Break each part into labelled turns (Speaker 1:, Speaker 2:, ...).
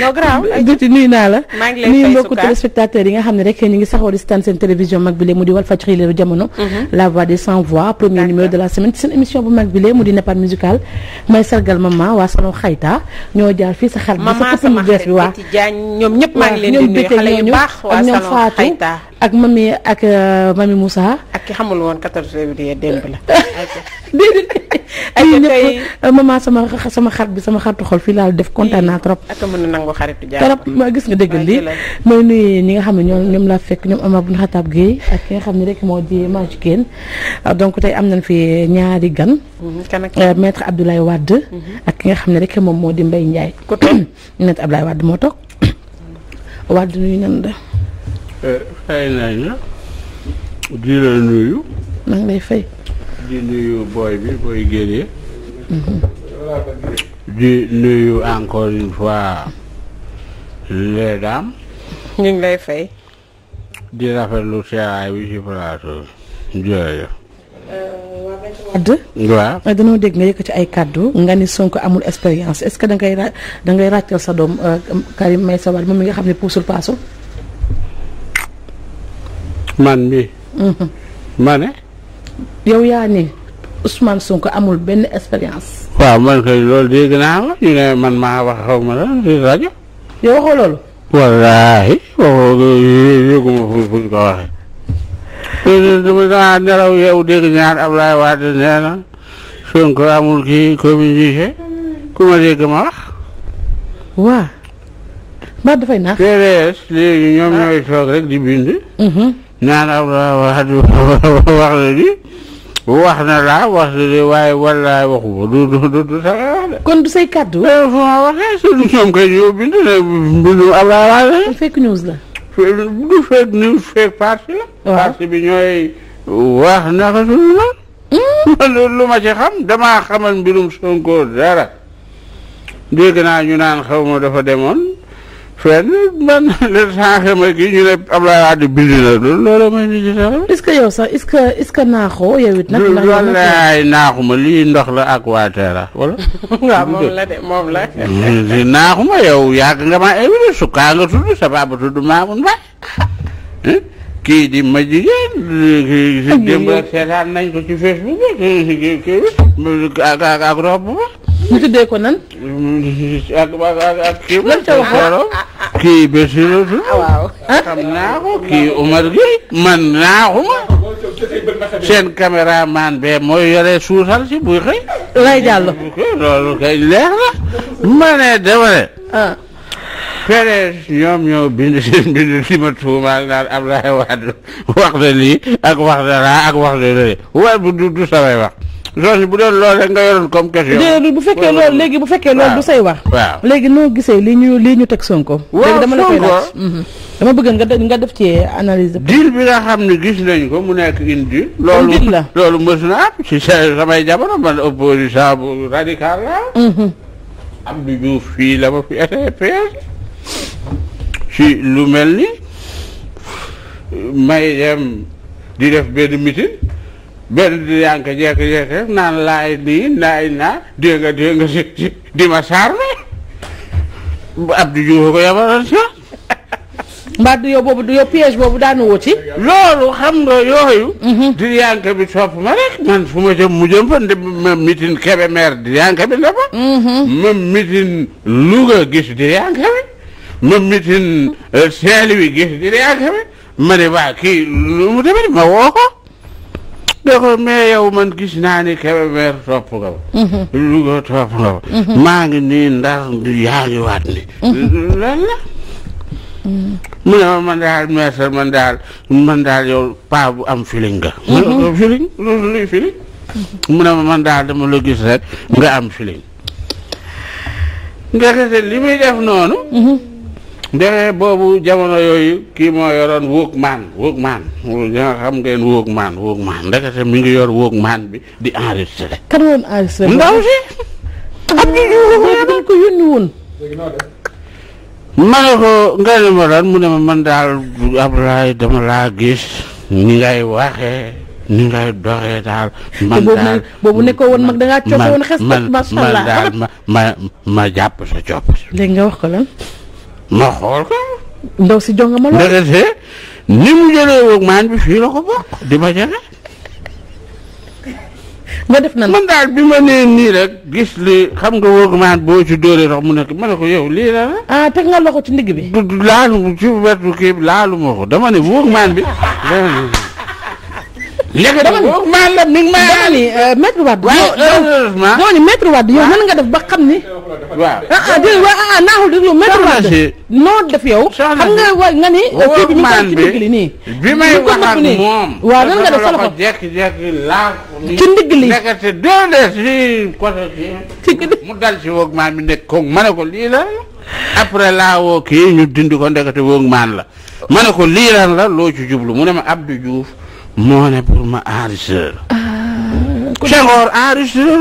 Speaker 1: non nuyu naa la nuyu mbokku téléspectateurs yi nga xam ne rek ñu ngi saxoo di seetaan seen télévision mag bi lee mu di Walfadjri leeru jamono mhm. la voix des sans voix premier numéro de la semaine ci seen émission bu mag bi lee mu di Nepad musical may sargal maman waa salon xayta ñoo jaar fii sa xar bi sa këpp mu bees bi waa ñoom ñëpp maa ngi leen di nuyu xale yu baax waa salon xayta ak mami ak euh, mami musa ak ki xamul woon 14 février démb la ay tey euh, maman sama sama xarit bi sama xaritu xol fii laa def kontaan naa trop. ak mën na nangu xaritu trop ma gis nga dégg lii mooy nuyu ñi nga xam ne ñoom ñoom laa fekk ñoom Amar Bun Xataab Guèye ki nga xam ne rek moo di maa jigéen euh, donc tey am nañ fi ñaari gan. Mhm, euh, maître Abdoulaye Wade. Mhm. ak ki nga xam ne rek moom moo di Mbaye Ndiaye. ku toog maître moo toog. Wade nuyu nan na
Speaker 2: di la nuyu. maa lay fay. di nuyu booy bi booy génnee di nuyu encore une fois les dames ñu lay fay di rafetlu seeraay bi ci plateau bi jërëjëf
Speaker 1: euh, waaw euh, danoo dégg nga yëkkati ay kàddu nga ni Sonko amul expérience est-ce que da ngay dangay da ngay ràccal sa doom euh, Karim Meïssa Wade moom mi nga xam ne puusul paasul man mi mhm. ma yow yaa ne Ousmane Sonko amul benn expérience.
Speaker 2: waaw man kay loolu dégg naa ma ñu ne man maa wax xaw ma la di rajo. yow waxoo loolu. wallaahi waxoo yëguma fu fuñ ko waxee. dama dangaa yow dégg ñaar Ablaye Wade nee na Sonko amul kii communiqué ku ma dégg ma wax. waaw. mbaa dafay naax. PDS léegi ñoom ñooy toog rek di bind. Mm-hmm. naan Ablaye Wade wax la di. wax na laa wax de waaye walaay waxu ma du du du sama wax de. kon du say kàddu. Eh, fu ma waxee su du na bindu news la. du fake news fake parti la. parti bi ñooy wax naka suñu hmm? la. lu ma ci xam damaa xamal mbirum Sonko dara. dégg naa ñu naan xaw ma dafa demoon. fenn man le sànqma gi ñu ne Abdoulaye Wade bind na
Speaker 1: loolu mooy li ñu sax. sax est-ce que est-ce naaxoo yow it. nag wallaay
Speaker 2: naaxuma lii ndox la ak waa Tera wala. waaw moom la de moom la. naaxuma yow yàgg nga ma invité sukkaa nga tudd sababa tudd Mamoun Mbaye. Eh? kii di ma jigéen. seetaan nañ ko ci Facebook kii kii ak ak ak rob ba. ñu tuddee ko nan. ak ak ak kii. kii Bésirou Touré.
Speaker 1: Ah, waaw xam naa kii Umar Gueye
Speaker 2: man naa ko ma. seen caméraman be mooy yore suusal si buy xëy. lay jàll. loolu kay leer na. ma ne dama ne. ah. ñoom ñoo bind seen bind si ma tuumaal naan Abdoulaye Wade wax na lii ak wax na laa ak wax na lii waaye bu du du samay wax. Georges bu doon loolu rek nga yoroon comme question. bu fekkee loolu léegi bu fekkee loolu du say wax. waaw
Speaker 1: léegi noo gisee li ñu li ñu teg Sonko. waaw dama la koy laaj mhm. dama bëgg nga def nga def ci analyse. deal
Speaker 2: bi nga xam ne gis nañu ko mu nekk une deal. loolu loolu mës na am ci samay jamono man opposition bu radical la. Mhm. Abdou Diouf fii la ma fi SAPS. ci lu mel ni may dem di def benn meeting. benn di yaa ngi ko rek naan laay nii naay naa dégg nga dégg nga di ma saar mi Abdou Diouf ko yabaloon si mbaa du yow boobu du yow piège boobu daanu wuti loolu xam nga yooyu mhm. di yanka bi topp ma rek man fu ma jëm mu jëm ma mitin Kébémer di yanka bi ndafa mhm. ma mitin Louga gis di yanka bi ma mitin euh, saint gis di yanka bi ma ne waa kii lu mu demee ma woo da ko mais yow man gis naa ni Kébémer topp nga ba mhm. nga ba mhm. maa ngi nii Ndar yaa ngi waat ni mhm. lan la mu ne man daal maître man daal man daal yow paa am feeling nga mu ne ko feeling loolu ma man gis rek nga am feeling ndekete li muy def noonu ndere boobu jamono yooyu kii moo yoroon Walkman Walkman nga xam ngeen Walkman Walkman ndekete mi ngi yor Walkman bi di enregistré.
Speaker 1: kan woon enregistré ndaw si. ab ji dañ ko yónni
Speaker 2: ma man daal Abdoulaye dama laa gis ni ngay waxee ni ngay doxee daal. man
Speaker 1: daal
Speaker 2: ma ma ma jàpp sa copp.
Speaker 1: wax ko lan.
Speaker 2: ma xool ko.
Speaker 1: ndaw si jonga ma lool ndekete
Speaker 2: ni mu jëlee woog maan bi fii la ko bokk di ma jege. nga def nan man daal bi ma nee nii rek gis li xam nga wóog maan boo ci dóoree sax mu nekk ma ne ko yow lii la la. ah nga loxo ci ndigg bi. du laalu ci wetu kii laalu ko dama ne wóog maan bi.
Speaker 1: léegi dama ni la mi ngi maa euh, euh, yow mën ah. nga def ba xam ni.
Speaker 2: waaw ah ah dégg nga ah ah naaxul
Speaker 1: déglu def yow. Euh, kii bi ñu ngi li nii. bi may wax ak moom.
Speaker 2: ci ndigg maan bi nekk koog ma ne ko lii la. après laa woo ñu dindi ko ndekete la. ma ne ko lii loo ci jublu mu ne ma Abdou Diouf. moo ne pour ma enregistreur. Ah. Senghor enregistreur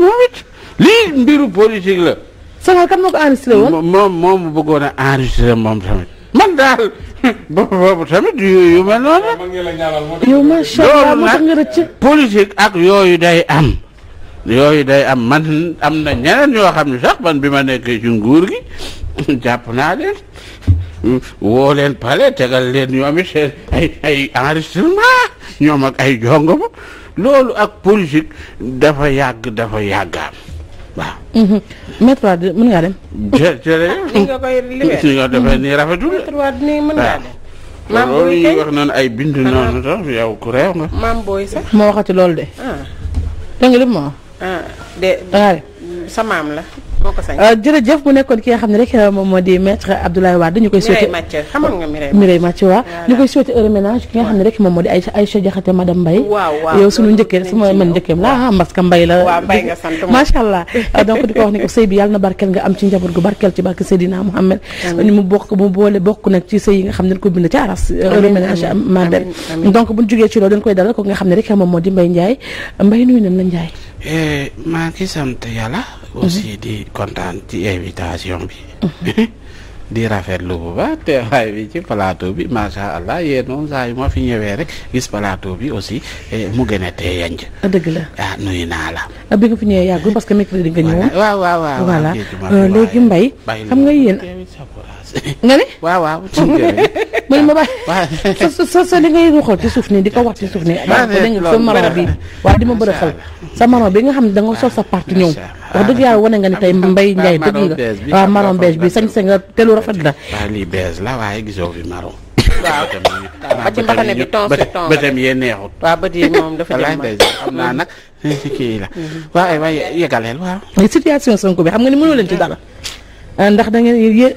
Speaker 2: moom it lii mbiru politique la. Senghor kan moo ko enregistré woon. moom moom mu bëggoon a enregistré moom tamit man daal boobu tamit yu mel noonu. yow macha ak yooyu day am. yooyu day am man am na ñeneen yoo xam ne sax man bi ma nekkee ci nguur gi jàpp naa leen. woo leen pale tegal leen ñoom it seen ay ay enregistrement ñoom ak ay jongo loolu ak politique dafa yàgg dafa yàggaam waaw.
Speaker 1: mètre mm-hmm. waa mën ngaa dem.
Speaker 2: jë jërëjëf. ni nga
Speaker 1: koy libéré ni wax
Speaker 2: noonu ay bind noonu tam yow ku réew nga.
Speaker 1: maam waxati loolu de. Ah. dégg nga li mu ma ah. de. sa maam la. Euh, jërëjëf mu nekkoon ki nga xam ne rek euh, moom moo di maître Abdoulaye Wade ñu koy souhaité Mireille Mathieu waaw ñu koy souhaité heureux ménage ki nga xam ne rek moom moo di Aïcha Aïcha Diakhaté madame Mbaye yow suñu njëkkee suma man njëkkeem la ah, parce que euh, na barkeel am ne dañ ko bind ci aras heureux ménage ma belle donc buñ jógee ci loolu dañ
Speaker 2: kontaan ci invitation bi. Mhm. di rafetlu bu ba te waay bi ci plateau bi macha allah yéen moom saa yu ma fi ñëwee rek gis plateau bi aussi eh, mu gën a tee yanj. Ah, dëgg la ah nuyu naa la.
Speaker 1: Ah, bi nga fi ñëwee yàggul parce que mercredi nga ñëwoon. waaw waaw waaw euh, léegi Mbaye. xam nga yéen. nga ne waaw waaw. bul ma bàyyi sa sa sa li ngay waxoon ci suuf nii di ko wax ci suuf nii daa ko dañu sa maro bi waaye di ma bëri xel sa maro bi nga xam ne da nga sol sa part ñëw wax dëgg yàlla wane nga ni tey Mbaye Ndiaye dëgg nga waaw maron beige bi sañ sa nga telu rafet la waaw
Speaker 2: lii beige la waaye gisoo fi maron waaw ba ci mbaxane bi ton sur ton bëtam yee neexut
Speaker 1: waaw bët yi moom dafa jëm xam naa nag ci kii la mhm. waaw waaye yegaleel waaw situation Sonko bi xam nga ni mënoo leen ci dara ah, ndax da ngeen yé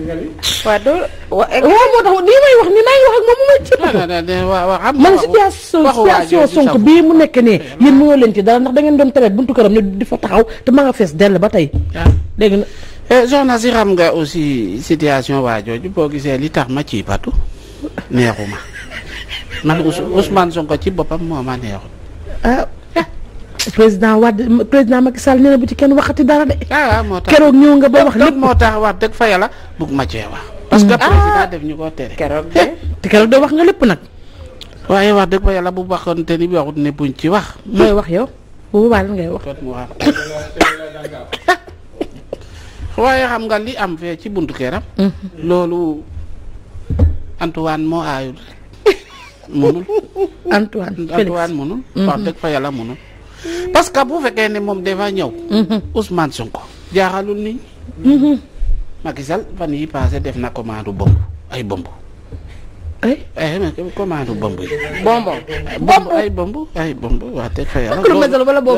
Speaker 1: waaw doo wa. waaw moo tax nii may wax ni naa ngi wax ak moom mu may ci taxaw. man situation situation Sonko bii mu nekk nii. Ah. yéen mënoo leen ci dara ndax da doon tere buntu këram ne di fa taxaw te ma nga fees dell ba tey.
Speaker 2: waaw ah. dégg nga. Eh, soxna si xam nga aussi situation waa jooju boo gisee li tax ma ciy batu neexuma man Ousmane Sonko ci boppam moo ma neexut.
Speaker 1: Ah, président Wade président Macky Sall nee bu ci kenn waxati dara de. Ah, keroog ñëw nga ba wax lépp moo tax wax dëgg fa yàlla bugg ma cee wax. parce que hmm. président ah. def ñu ko
Speaker 2: tere. keroog de wax nga lépp nag. waaye wax dëgg fa yàlla bu baxoon te ni bi waxut wax.
Speaker 1: mooy hmm. wax yow bu boobaa lan ngay
Speaker 2: waaye xam nga li am fee ci buntu këram. Hmm. loolu Antoine moo aayul. munul Antoine Félix Antoine wax dëgg fa yàlla munul. parce que bu fekkee ne moom dafa ñëw. Mhm. Ousmane Sonko jaaxalul nit ñi. Mhm. fan yi passé def na commande bomb ay bomb. ay ay commande bomb yi. bomb bomb ay bomb ay bomb waa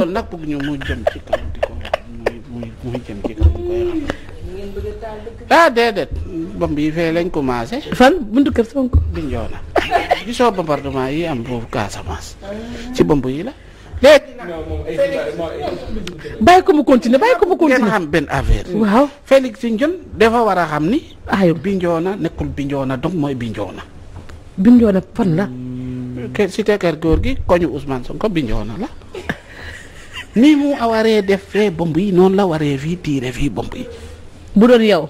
Speaker 2: nag bëgg ñu mu jëm ci kaw di ko muy muy muy jëm ci ah, yi fee lañ commencé. fan buntu kër Sonko. di njoona gisoo bombardement yi am foofu Casamance. ci bomb yi la. dégg bàyyi ko mu continuer bàyyi ko mu continuer benn affaire. waaw Félix Ndione dafa war a xam ni. ayo Bignona nekkul Bignona donc mooy Bignona.
Speaker 1: Bignona fan la.
Speaker 2: kër cité kër góor gi koñu Ousmane Sonko la. ni mu waree def fee bomb yi noonu la waree fii tiire fii bomb yi. bu doon yow.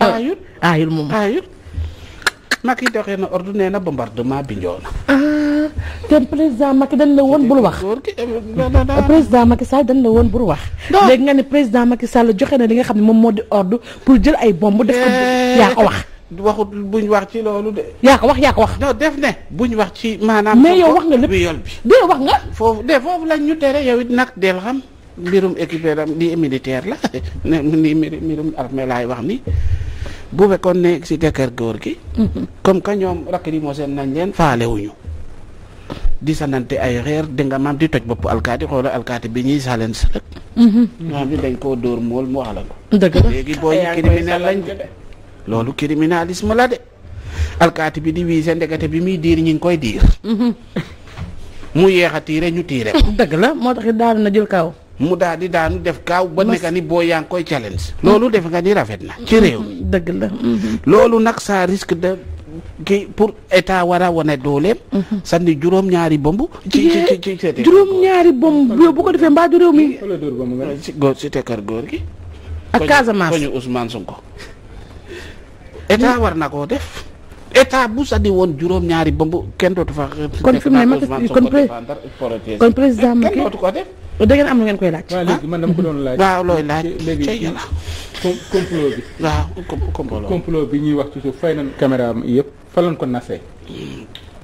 Speaker 2: ah ayut moom Macky doxee na ordonné na bombardement bi ñëw na.
Speaker 1: Ah, te président Macky dañ la woon bul wax. président Macky Sall dañ la woon bul wax. léegi nga ne président Macky Sall joxe na li nga xam ne moom moo di ordre pour jël ay bomb def ko eh, yaa ko wax.
Speaker 2: waxut buñ wax ci loolu de.
Speaker 1: yaa ko wax yaa wax.
Speaker 2: non def ne buñ wax ci
Speaker 1: maanaam. mais yow
Speaker 2: wax nga lépp bi yol bi. dee wax nga. foofu de foofu lañ ñu tere yow it nag del xam mbirum équipe am lii militaire la ne lii mbirum armée laay wax ni bu fekkoon ne si kër góor gi. Mhm. comme que ñoom rakk yi moo seen nañ leen faale wuñu di sanante ay xeer di nga maam di toj bopp alkaati xoola alkaati bi ñuy saleen rek. maam mhm. ni dañ la ko. dëgg la léegi booy de loolu criminalisme la de. alkaati bi di wii sa bi muy diir ñi ngi koy diir. Mhm. mu yeex a tiire ñu tiire ko. dëgg la moo tax it na jël kaaw mu daal di daanu def kaaw ba nekka ni boo yaa koy challenge loolu defe nga ni rafet na ci mm-hmm. réew mi dëgg la mm-hmm. loolu nag ça risque de ki pour état war wone wane dooleem mm-hmm. sànni juróom ñaari bomb ci ci ci
Speaker 1: juróom ñaari bomb bu ko defee mbaaju réew mi
Speaker 2: góor góor gi ak Casamance koñu Ousmane Sonko war na koo def état bu sànni woon juróom ñaari bomb kenn dootu fa kon kon président Macky kenn dootu ko def dëgg am ngeen koy laaj. man dama ko doon laaj. waaw looy laaj léegi complot bi. waaw complot bi ñuy wax ci suuf fay nañ caméra am yëpp fa lañ ko nasee.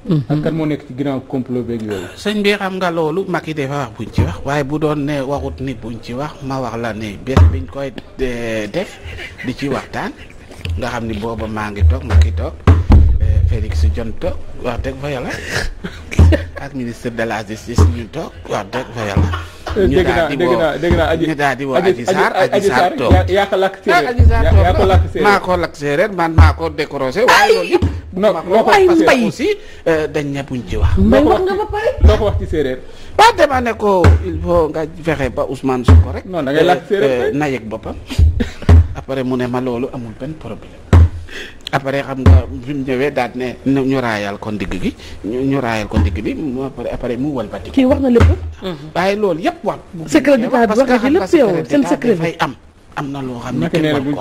Speaker 2: Mm-hmm. ak kan moo nekk ci ginnaaw complot beeg yooyu. Ah, sëñ bi xam nga loolu mag yi dafa wax buñ ci wax waaye bu doon ne waxut nit buñ ci wax ma wax la ne bés biñ koy eh, def di ci waxtaan nga xam ni booba maa ngi toog mag yi toog eh, Félix Diome toog wax dëgg fa yàlla ak ministre de la justice ñu toog wax dëgg fa yàlla.
Speaker 1: Eh, ñu daal di woo ñu
Speaker 2: daal di woo Adji Sarr Adji Sarr toog yaa ko lakk séeréer ah, maa ko lakk wax mbay aussi euh, dañ ne ci wax mbay wax nga ba pare loo ko wax ci séeréer waaw dama ne ko il faut nga fexe ba Ousmane Sonko rek non da ngay lakk séeréer euh, euh, na yëg boppam après mu ne ma loolu amul benn problème après xam nga bi mu ñëwee daal ne ñu raayal ko ndigg gi ñu raayal ko ndigg bi mu après mu walbati. kii wax na lépp.
Speaker 1: Mm-hmm.
Speaker 2: waaye loolu yëpp wax. secret d'état bi wax am. na loo xam ne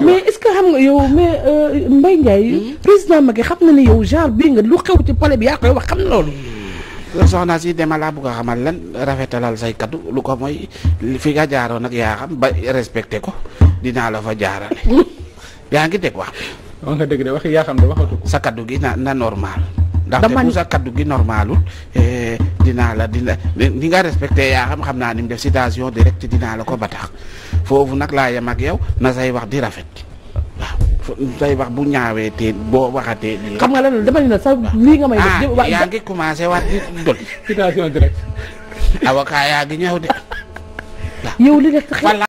Speaker 2: mais
Speaker 1: est que xam nga yow mais euh, mm-hmm. xam na ne yow genre bii nga lu xew ci bi yaa koy wax xam na loolu. Mm-hmm.
Speaker 2: soxna si dema laa bugg a xamal lan rafetalal say kaddu lu ko mooy fi nga jaaroon nag yaa xam ba respecté ko dinaa la fa jaarale. yaa ngi dégg wax. wax nga dëgg de wax yaa xam ne waxatu ko. sa kaddu gi na na normal. ndaxte bu sa kaddu gi normalul eh, dinaa la dina ni nga respecté yaa xam xam naa ni mu def citation direct dinaa la ko ba tax foofu nag la yem ak yow na say wax di rafet say wax bu ñaawee te boo waxatee. xam nga
Speaker 1: lan dama ne la sax lii nga may def. ah yaa ngi
Speaker 2: commencé waat di dol. citation direct. avocat yaa ngi ñëw de.
Speaker 1: yow li nga